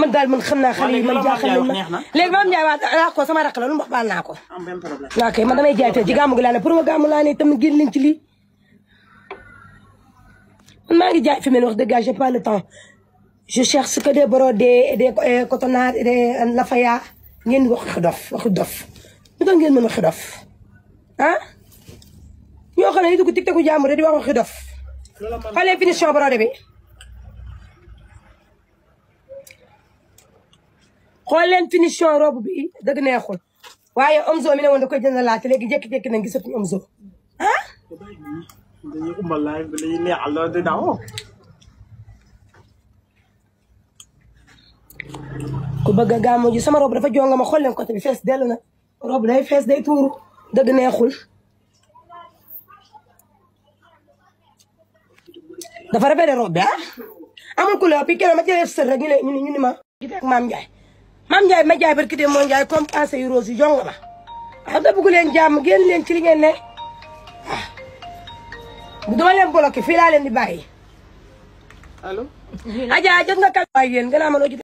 ma daal man xam naa xale yi man jaaxal nañ ma léegi maam Ndiaye waa naa ko sama rakk la lu mu wax baal naa ko. ok man damay jaay tey ci gàmmu gi laa ne pour ma gàmmu laa ne itam génn leen ci lii. man maa ngi jaay fi mel wax dëgg j'ai pas le temps je cherche que des brodés et des cotonnades et des lafaya ngeen wax waxi dof waxi dof lu tax ngeen mën waxi dof ah ñoo xam ne ñu dugg tiktok jàmbur di wax waxi dof xoolee finition brodé bi. xool leen finition robe bi dëgg neexul waaye Omzo mi ne woon da koy jënd laata léegi jékki-jékki nañ gisatuñu Omzo ah. dañuy umbal laay bi dañuy neexal loolu di daawoo. ku bëgg a gàmmu ji sama robe dafa jonga ma xool leen côté bi fees dellu na robe day fees day tuuru dëgg neexul. dafa rafet de robe bi ah amul couleur bi keroog ma jëlee sër rek ñu ne ñu ne ma. gis nga ak maam Ndiaye. maam Ndiaye ma jaay barki dem moo Ndiaye compensé yu rose yu ma waaw da bëgg leen jàmm génn leen ci li ngeen ne waaw ah. dama leen bloqué fii laa leen di bàyyi allo. jot nga kàddu waay yéen nga naa mën a